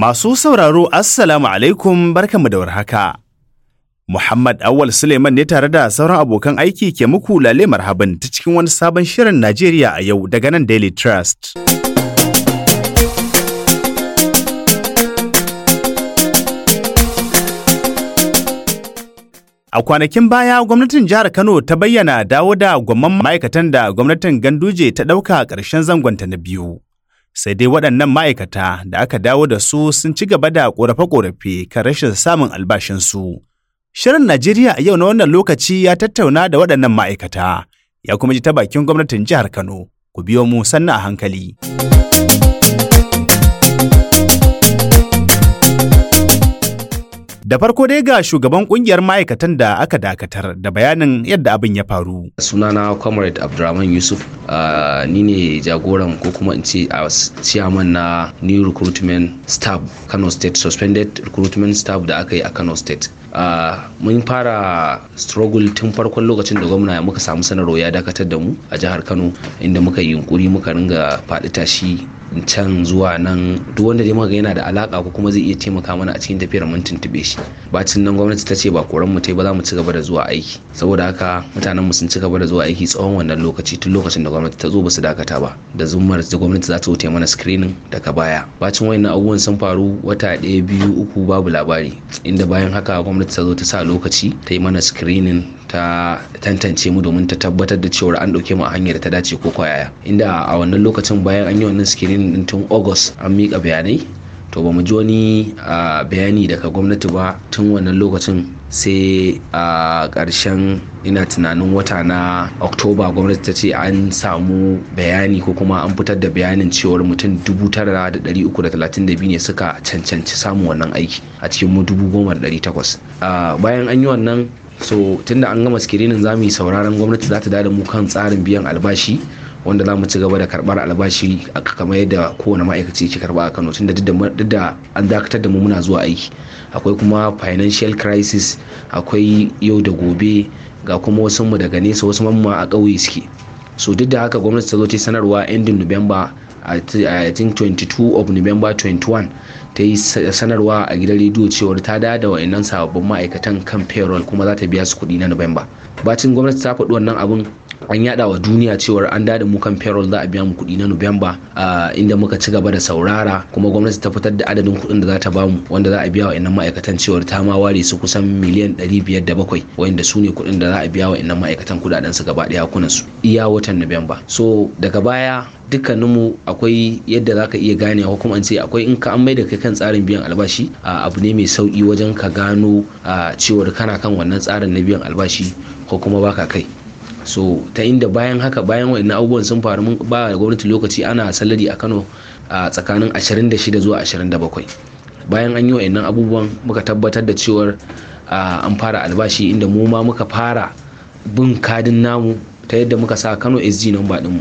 Masu sauraro Assalamu alaikum barkanmu da warhaka. Muhammad Awal Suleiman ne tare da sauran abokan aiki ke muku lale marhaban ta cikin wani sabon shirin Najeriya a yau daga nan Daily Trust. A kwanakin baya gwamnatin jihar Kano ta bayyana dawo da gwamman ma'aikatan da gwamnatin Ganduje ta ɗauka ƙarshen zangonta na biyu. sai dai waɗannan ma'aikata da aka dawo da su sun ci gaba da ƙorafe-ƙorafe kan rashin samun albashinsu. Shirin Najeriya a yau na wannan lokaci ya tattauna da waɗannan ma'aikata, ya kuma ji ta bakin gwamnatin jihar Kano, ku biyo mu sannan a hankali. Da farko dai ga shugaban kungiyar ma'aikatan da aka dakatar da bayanin yadda abin ya faru. Sunana Comrade Abdulrahman Yusuf uh, ni ne jagoran ko kuma in ce a chairman na New Recruitment Staff Kano State Suspended Recruitment Staff da aka yi a Kano State. mun fara struggle tun farkon lokacin da gwamna muka samu sanarwa ya dakatar da mu a jihar Kano inda muka yi yunkuri muka ringa faɗi tashi can zuwa nan duk wanda dai muka yana da alaka ko kuma zai iya taimaka mana a cikin tafiyar mun tuntube shi bacin nan gwamnati ta ce ba koran mu tai ba za mu ci gaba da zuwa aiki saboda haka mutanen mu sun ci gaba da zuwa aiki tsawon wannan lokaci tun lokacin da gwamnati ta zo ba su dakata ba da zummar da gwamnati za ta wuce mana screening daga baya bacin wayannan abubuwan sun faru wata ɗaya biyu uku babu labari inda bayan haka gwamnati ta zo ta sa lokaci ta yi mana screening ta tantance mu domin ta tabbatar da cewa an ɗauke mu a hanyar ta dace ko kwayaya inda a wannan lokacin bayan an yi wannan screening din tun august an mika bayanai to ba mu ji wani bayani daga gwamnati ba tun wannan lokacin sai a ƙarshen ina tunanin wata na oktoba gwamnati ta ce an samu bayani ko kuma an fitar da bayanin cewar mutum 9,332 ne suka cancanci samun wannan aiki a cikin mu 10,800 bayan an yi wannan so tunda an gama skirinin za mu yi sauraron gwamnati za ta da mu kan tsarin biyan albashi wanda za mu ci gaba da karɓar albashi a kamar yadda kowane ma'aikaci ke karba a kano tunda duk da an dakatar da mu muna zuwa aiki akwai kuma financial crisis akwai yau da gobe ga kuma wasu mu daga nesa wasu mamma a ƙauye suke so duk da haka gwamnati ta zo ta sanarwa ending november i think 22 of november 21 ta yi sanarwa a gidan rediyo cewar ta da da wayannan sababbin ma'aikatan kan payroll kuma za ta biya su kuɗi na november bacin gwamnati ta faɗi wannan abun an yada wa duniya cewar an dada mu kan payroll za a biya mu kuɗi na Nuwamba inda muka ci gaba da saurara kuma gwamnati ta fitar da adadin kuɗin da za ta bamu wanda za a biya wa innan ma'aikatan cewar ta ma ware su kusan miliyan 507 wanda su ne kuɗin da za a biya wa innan ma'aikatan kuɗaɗen su gaba ɗaya kunan su iya watan Nuwamba so daga baya dukkaninmu akwai yadda za ka iya gane ko kuma akwai in ka an mai da kai kan tsarin biyan albashi abu ne mai sauki wajen ka gano cewar kana kan wannan tsarin na biyan albashi ko kuma baka kai so ta inda bayan haka bayan waɗannan abubuwan sun faru mun ba gwamnati lokaci ana salari a kano a tsakanin 26 zuwa 27 bayan an yi waɗannan abubuwan muka tabbatar da cewar an fara albashi inda mu ma muka fara bin kadin namu ta yadda muka sa kano sg din ɗinmu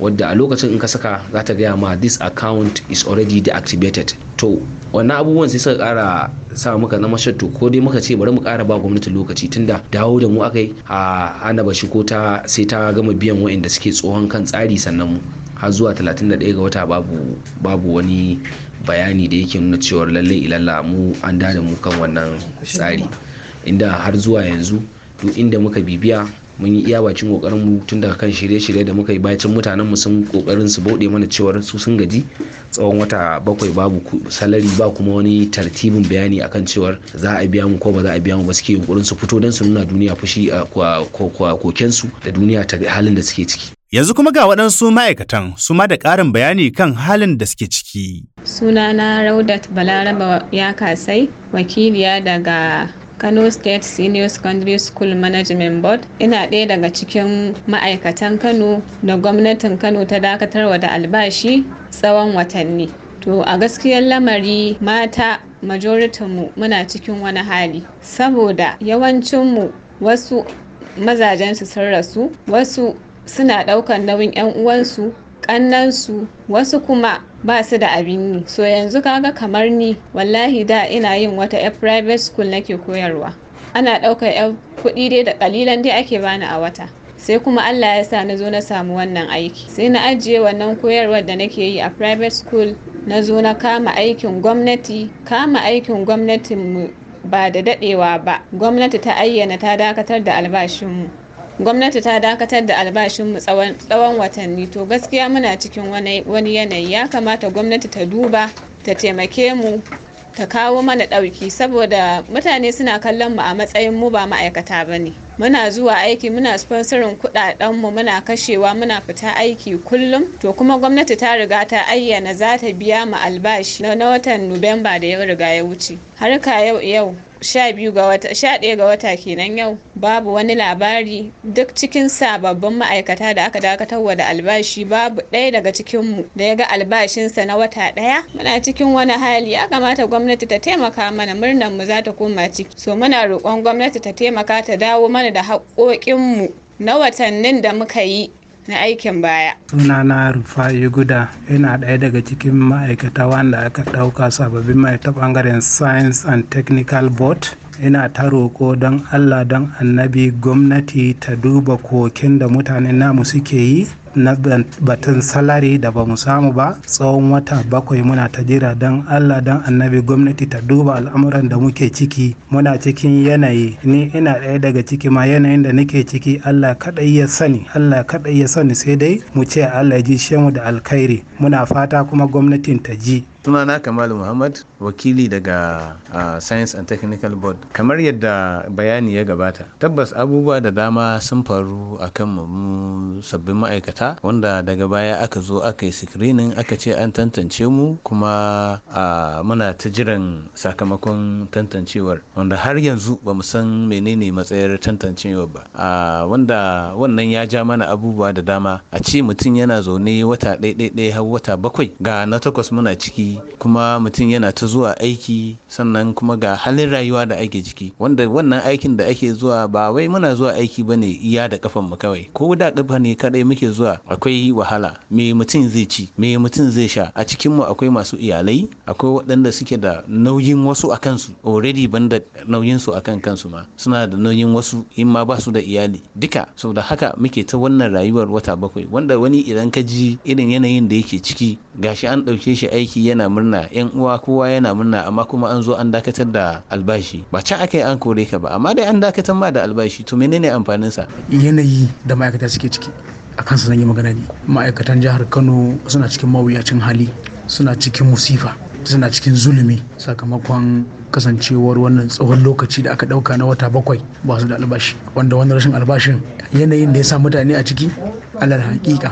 wadda a lokacin in ka saka za ta gaya ma this account is already deactivated to wannan abubuwan sai suka kara sa muka zama shatto ko dai muka ce bari mu kara ba gwamnati lokaci tunda dawo da mu akai a hana bashi ko ta sai ta gama biyan wa'inda suke tsohon kan tsari sannan mu har zuwa 31 ga wata babu babu wani bayani da yake nuna cewar lalle ilalla mu an dada mu kan wannan tsari inda har zuwa yanzu duk inda muka bibiya mun yi iya bacin kokarin mu tun daga kan shirye-shirye da muka yi bacin mutanen mu sun kokarin su bauɗe mana cewar su sun gaji tsawon wata bakwai babu salari ba kuma wani tartibin bayani akan cewar za a biya mu ko ba za a biya mu ba suke yunkurin su fito don su nuna duniya fushi a koken su da duniya ta halin da suke ciki Yanzu kuma ga waɗansu ma'aikatan su ma da ƙarin bayani kan halin da suke ciki. Sunana Raudat Balaraba ya kasai wakiliya daga Kano State Senior Secondary School Management Board ina ɗaya daga cikin ma'aikatan Kano da gwamnatin Kano ta dakatarwa da albashi tsawon watanni. To a gaskiyar lamari mata majoritinmu muna cikin wani hali saboda yawancinmu wasu mazajensu sun rasu wasu suna ɗaukan nauyin 'yan uwansu kannansu wasu kuma ba su da abin yi so yanzu kaga kamar ni wallahi da ina yin wata yar private school nake koyarwa ana ɗaukar yar kuɗi dai da ƙalilan dai ake bani a wata sai kuma allah ya sa na zo na samu wannan aiki sai na ajiye wannan koyarwar da nake yi a private school na zo na kama aikin gwamnati kama aikin gwamnatin ba da daɗewa ba gwamnati ta ayyana ta dakatar da albashinmu gwamnati ta dakatar da albashinmu tsawon watanni to gaskiya muna cikin wani yanayi ya kamata gwamnati ta duba ta taimake mu ta kawo mana ɗauki saboda mutane suna kallon mu a matsayin mu ba ma'aikata ba ne. muna zuwa aiki muna sponsorin kudaden mu muna kashewa muna fita aiki kullum to kuma gwamnati ta riga ta ayyana za ta biya mu albashi na watan Nuwamba da ya riga ya wuce ka yau yau sha ga wata sha ɗaya ga wata kenan yau babu wani labari duk cikin sababbin ma'aikata da aka dakatarwa da albashi babu ɗaya daga cikinmu da ya ga albashinsa na wata ɗaya muna cikin wani hali ya kamata gwamnati ta taimaka mana murnar mu za ta koma ciki so muna roƙon gwamnati ta taimaka ta dawo mana da da haƙoƙinmu na watannin da muka yi na aikin baya. Sunana Rufa'i Guda yana ɗaya daga cikin ma'aikata wanda aka ɗauka sababbin mai ta ɓangaren Science and Technical Board ina ta roƙo don allah don annabi gwamnati ta duba koken da mutanen namu suke yi na batun salari da ba mu samu ba tsawon wata bakwai muna ta jira don allah don annabi gwamnati ta duba al'amuran da muke ciki muna cikin yanayi ni ina ɗaya daga ciki ma yanayin da nake ciki allah kaɗai ya sani allah kaɗai ya sani sai dai mu ce allah ya ji shemu da alkhairi muna fata kuma gwamnatin ta ji na kamal muhammad wakili daga uh, science and technical board kamar yadda bayani ya gabata tabbas abubuwa da dama sun faru a kan sabbin ma'aikata wanda daga baya aka zo aka yi screening aka ce an tantance mu kuma uh, muna ta jiran sakamakon tantancewar wanda har yanzu ba mu san menene matsayar tantancewar ba uh, wanda wannan ya ja mana abubuwa da dama a ce mutum yana zaune wata ɗaya har wata bakwai ga na takwas muna ciki kuma mutum yana ta zuwa aiki sannan kuma ga halin rayuwa da ake ciki wanda wannan aikin da ake zuwa ba wai muna zuwa aiki bane iya da kafan mu kawai ko da kafa ne kadai muke zuwa akwai wahala me mutum zai ci me mutum zai sha a cikin mu akwai masu iyalai akwai waɗanda suke da nauyin wasu a kansu already banda nauyin su akan kansu ma suna da nauyin wasu in ma ba su da iyali duka saboda haka muke ta wannan rayuwar wata bakwai wanda wani idan ka ji irin yanayin da yake ciki gashi an ɗauke shi aiki yana yana murna yan uwa kowa yana murna amma kuma an zo an dakatar da albashi ba can aka yi an kore ka ba amma dai an dakatar ma da albashi to menene amfanin sa yanayi da ma'aikata suke ciki a kansu zan yi magana ne ma'aikatan jihar kano suna cikin mawuyacin hali suna cikin musifa suna cikin zulumi sakamakon kasancewar wannan tsohon lokaci da aka dauka na wata bakwai ba su da albashi wanda wannan rashin albashin yanayin da ya sa mutane a ciki alal hakika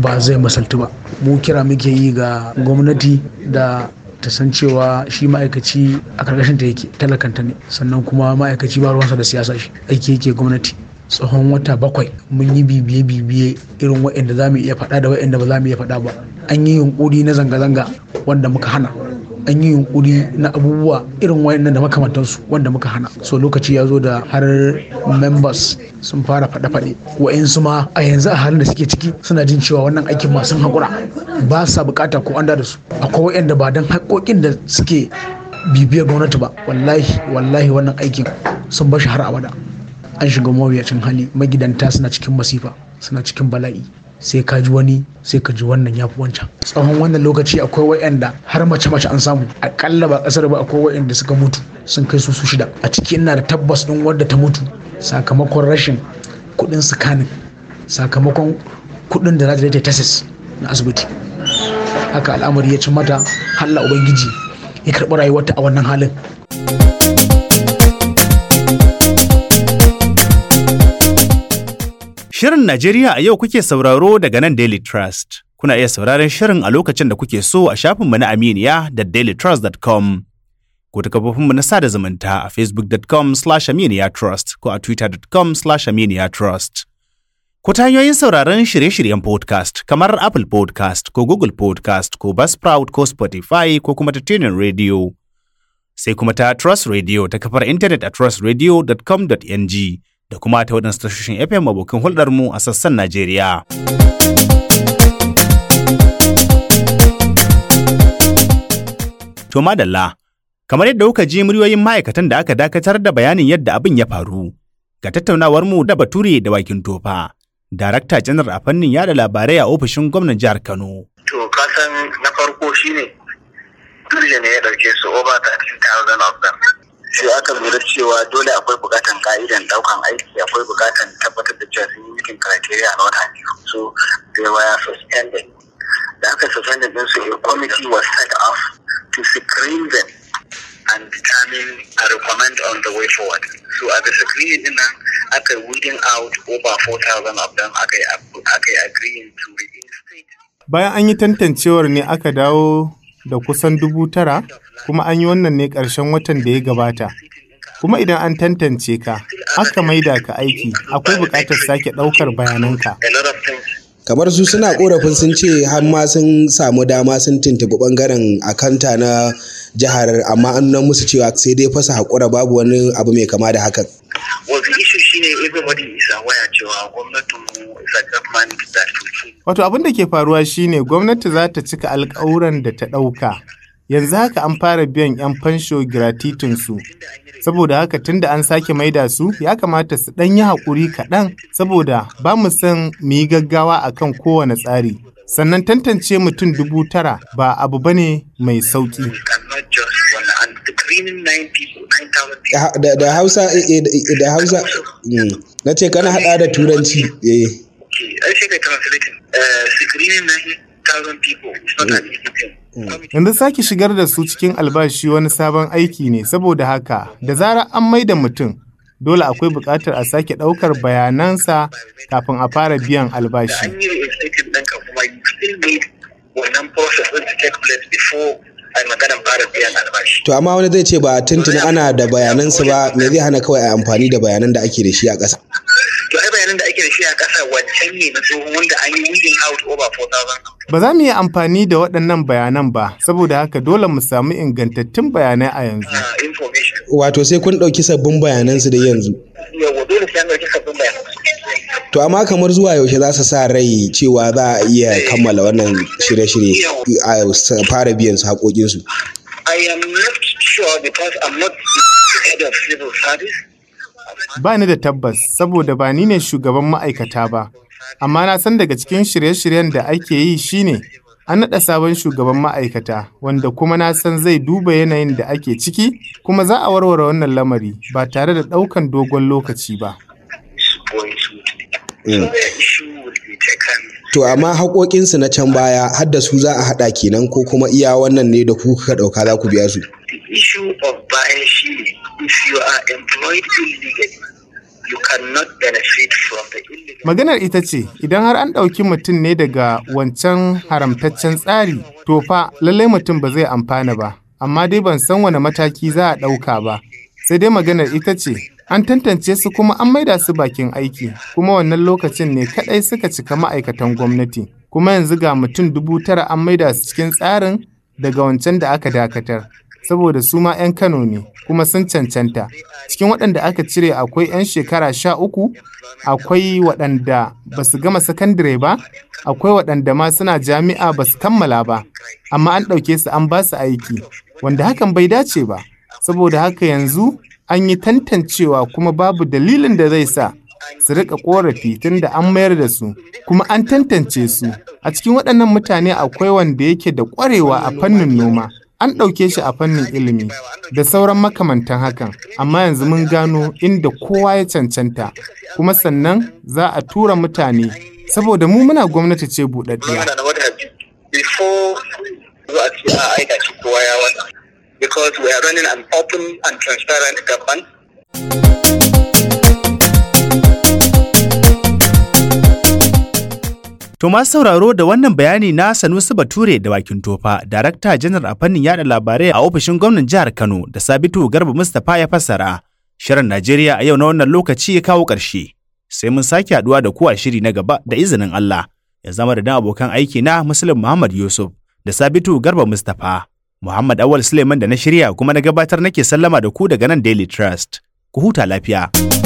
ba zai masaltu ba mu kira muke yi ga gwamnati da ta san cewa shi ma'aikaci a karkashin ta yake talakanta ne sannan kuma ma'aikaci ba ruwansa da siyasa shi aiki yake gwamnati tsohon wata bakwai mun yi bibiye-bibiye irin waɗanda za mu iya faɗa da waɗanda ba za mu iya faɗa ba an yi yunkuri na zanga-zanga wanda muka hana an yi yunkuri na abubuwa irin wayannan da makamantansu wanda muka hana so lokaci ya zo da har members sun fara faɗe-faɗe wa'insu ma a yanzu a halin da suke ciki suna jin cewa wannan aikin masu haƙura ba sa bukata ko an da su akwai wa'anda ba don haƙoƙin da suke bibiyar gwamnati ba wallahi wallahi wannan aikin sun bashi har abada an shiga mawuyacin hali magidanta suna cikin masifa suna cikin bala'i sai ka ji wani sai ka ji wannan ya fi wancan tsawon wannan lokaci akwai wa'anda har mace mace an samu akalla ba kasar ba akwai wa'anda suka mutu sun kai su su shida a ciki ina da tabbas din wadda ta mutu sakamakon rashin kuɗin sikanin sakamakon kuɗin da za ta tasis na asibiti haka al'amari ya ci mata halla ubangiji ya karɓi rayuwarta a wannan halin Shirin Najeriya a yau kuke sauraro daga nan Daily Trust. Kuna iya sauraron shirin a lokacin da kuke so a shafinmu na Aminiya da dailytrust.com. Ko ta kafofinmu na sada zumunta a facebook.com slash aminiyatrust ko a twitter.com slash aminiyatrust. Ko ta hanyoyin sauraron shirye-shiryen podcast kamar Apple podcast ko Google podcast ko Buzzsprout ko Spotify ko kuma ta tunin radio. Sai kuma ta Trust Radio ta kafar intanet a trustradio.com.ng. da kuma ta waɗansu tashoshin FM abokin hulɗar mu a sassan Najeriya. To madalla, kamar yadda kuka ji muryoyin ma'aikatan da aka dakatar da bayanin yadda abin ya faru, ga tattaunawar mu da Bature da Bakin Tofa, Darakta Janar a fannin yada labarai a ofishin gwamnan jihar Kano. To kasan na farko shine Turje ne ya ɗauke su over 13,000 of them. Sai aka lura cewa dole akwai buƙatar ka'idan daukan aiki akwai bukatan tabbatar da cewa sun yi mikin criteria na wata biyu so they were suspended da aka suspended din su a committee was set up to screen them and determine a recommend on the way forward so a bisa screening din nan aka weeding out over 4,000 of them aka yi agreeing to reinstate bayan an yi tantancewar ne aka dawo da kusan dubu tara kuma an yi wannan ne ƙarshen watan da ya gabata kuma idan an tantance ka aka maida ka aiki akwai buƙatar sake ɗaukar bayananka kamar su suna korafin sun ce har ma sun samu dama sun tuntuɓi ɓangaren akanta na jihar amma an nan musu cewa sai dai fasa haƙura babu wani abu mai kama da hakan Wato abin da ke faruwa shine gwamnati za ta cika alkawuran da ta ɗauka yanzu haka an fara biyan 'yan fansho giratitinsu saboda haka tunda an sake maida su ya kamata su ɗan yi haƙuri kaɗan saboda ba mu san mu yi gaggawa a kan kowane tsari sannan tantance mutum dubu tara ba abu ba ne mai sauƙi da hausa da hausa eh, eh, eh, hmm, na ce kana hada da turanci Mm. Yanzu sake shigar da su cikin albashi wani sabon aiki ne saboda haka da zara an maida mutum dole akwai bukatar a sake ɗaukar bayanansa kafin a fara biyan albashi. To amma wani zai ce ba tuntuni ana da bayanansa ba me zai hana kawai a amfani da bayanan da ake da shi a ƙasa. mutanen da ake da shi a ƙasa wancan ne na tsohon wanda an yi weeding out over 4,000. Ba za mu yi amfani da waɗannan bayanan ba, saboda haka dole mu samu ingantattun bayanai a yanzu. Ah, Wato sai kun ɗauki sabbin bayanan su da yanzu. Yawwa dole sai an ɗauki sabbin bayanan. To amma kamar zuwa yaushe za su sa rai cewa za a iya eh. kammala wannan shirye-shirye a fara biyan su haƙoƙinsu. I am not sure because I'm not the head of civil service. Ba ni da tabbas saboda ba ni ne shugaban ma'aikata ba, amma na san daga cikin shirye-shiryen da ake yi shi ne, an naɗa sabon shugaban ma'aikata wanda kuma na san zai duba yanayin da ake ciki kuma za a warware wannan lamari ba tare da ɗaukan dogon lokaci ba. Mm. To amma haƙoƙinsu na can baya har da su za a haɗa kenan ko kuma iya wannan ne da ku kuka ɗauka za ku biya su. Issue of shi Maganar ita ce, idan har an ɗauki mutum ne daga wancan haramtaccen tsari, to fa lallai mutum ba zai amfana ba, amma dai ban san wani mataki za a ɗauka ba. Sai dai maganar ita ce, an tantance su kuma an maida su bakin aiki, kuma wannan lokacin ne kaɗai suka cika ma'aikatan gwamnati. Kuma yanzu ga mutum dubu tara an maida su cikin tsarin daga wancan da aka dakatar. saboda su ma 'yan Kano ne kuma sun cancanta. Cikin waɗanda aka cire akwai 'yan shekara sha uku, akwai waɗanda ba su gama sakandire ba, akwai waɗanda ma suna jami'a ba su kammala ba, amma an ɗauke su an ba su aiki, wanda hakan bai dace ba. Saboda haka yanzu an yi tantancewa kuma babu dalilin da zai sa su rika ƙorafi, tun da an mayar da su kuma an tantance su a cikin waɗannan mutane akwai wanda yake da ƙwarewa a fannin noma An ɗauke shi a fannin ilimi da sauran makamantan hakan, amma yanzu mun gano inda kowa ya cancanta, kuma sannan za a tura mutane, saboda mu muna gwamnati ce buɗaɗɗiya. Because we are running an open and transparent government. To masu sauraro da wannan bayani na Sanusi Bature da Wakin Tofa, Darakta Janar a fannin yada labarai a ofishin gwamnan jihar Kano da Sabitu Garba Mustapha ya fassara. Shirin Najeriya a yau na wannan lokaci ya kawo ƙarshe. Sai mun sake haɗuwa da ku a shiri na gaba da izinin Allah. Ya zama da dan abokan aiki na Muslim Muhammad Yusuf da Sabitu Garba Mustapha. Muhammad Awal Suleiman da na shirya kuma na gabatar nake sallama da ku daga nan Daily Trust. Ku huta lafiya.